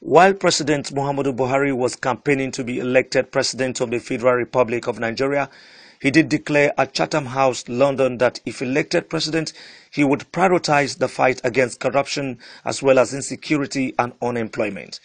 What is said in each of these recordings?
While President Muhammadu Buhari was campaigning to be elected President of the Federal Republic of Nigeria, he did declare at Chatham House, London, that if elected president, he would prioritize the fight against corruption as well as insecurity and unemployment.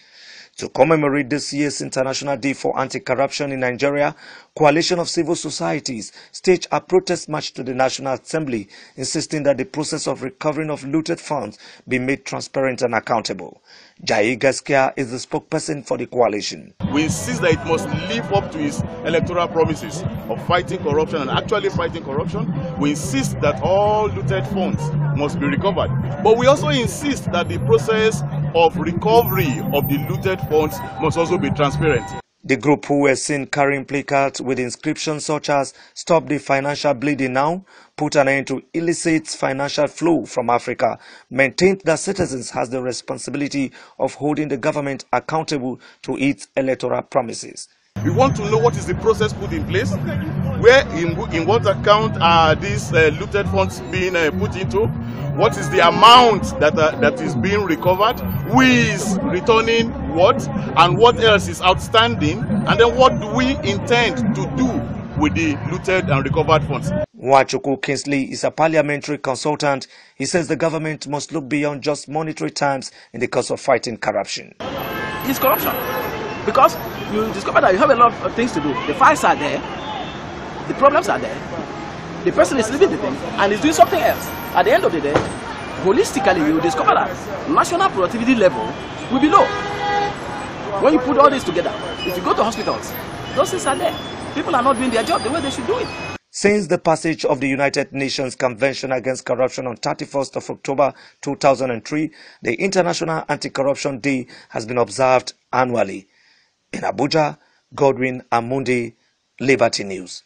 To commemorate this year's International Day for Anti-Corruption in Nigeria, Coalition of Civil Societies staged a protest march to the National Assembly, insisting that the process of recovering of looted funds be made transparent and accountable. Jai Gaskia is the spokesperson for the coalition. We insist that it must live up to its electoral promises of fighting corruption and actually fighting corruption. We insist that all looted funds must be recovered. But we also insist that the process of recovery of the looted funds must also be transparent. The group who were seen carrying placards with inscriptions such as Stop the Financial Bleeding Now, put an end to illicit financial flow from Africa, maintained that citizens has the responsibility of holding the government accountable to its electoral promises. We want to know what is the process put in place, where in, in what account are these uh, looted funds being uh, put into, what is the amount that uh, that is being recovered, who is returning what, and what else is outstanding, and then what do we intend to do with the looted and recovered funds. Wachuku Kinsley is a parliamentary consultant. He says the government must look beyond just monetary terms in the course of fighting corruption. It's corruption. Because you discover that you have a lot of things to do. The files are there, the problems are there, the person is leaving the thing and is doing something else. At the end of the day, holistically, you discover that national productivity level will be low. When you put all this together, if you go to hospitals, those things are there. People are not doing their job the way they should do it. Since the passage of the United Nations Convention Against Corruption on 31st of October 2003, the International Anti-Corruption Day has been observed annually. In Abuja, Godwin Amundi, Liberty News.